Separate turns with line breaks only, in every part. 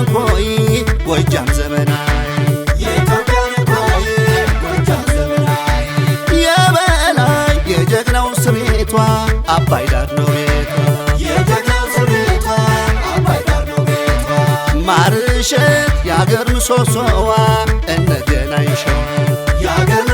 እኮይ ጎጃም ዘመናይ የበላይ የጀግናው ስሜቷ አባይ ዳር ነው ቤቷ ማርሸት ያገር ምሰሶዋ እነ ገናይሸዋ ያገር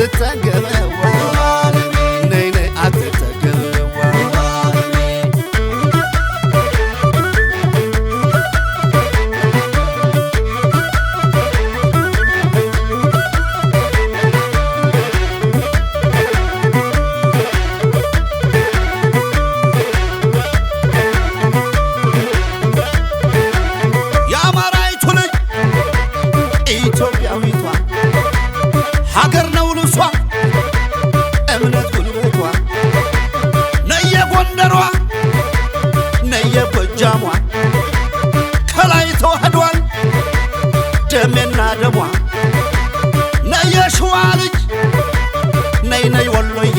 ስትጠገበ ደሜና ደሟ ነይ የሸዋ ልጅ ነይ ነይ ወሎዬ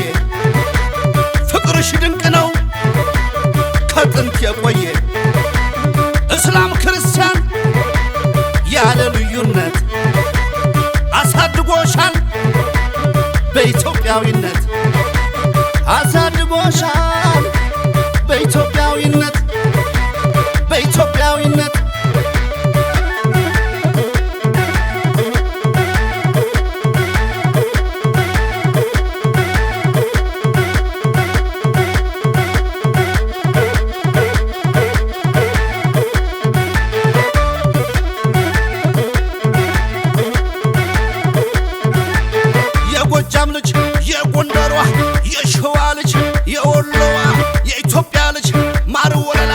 ፍቅርሽ ድንቅ ነው ከጥንት የቆየ እስላም ክርስቲያን ያለ ልዩነት አሳድጎሻል በኢትዮጵያዊነት አሳድጎሻል የጎጃም ልጅ የጎንደሯ የሸዋ ልጅ የወሎዋ የኢትዮጵያ ልጅ ማር ወለላ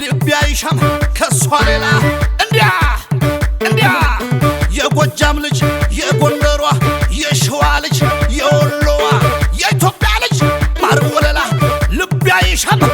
ልቤ አይሻም ከሷ ሌላ እንዲያ እንዲያ የጎጃም ልጅ የጎንደሯ የሸዋ ልጅ የወሎዋ የኢትዮጵያ ልጅ ማር ወለላ ልቤ አይሻም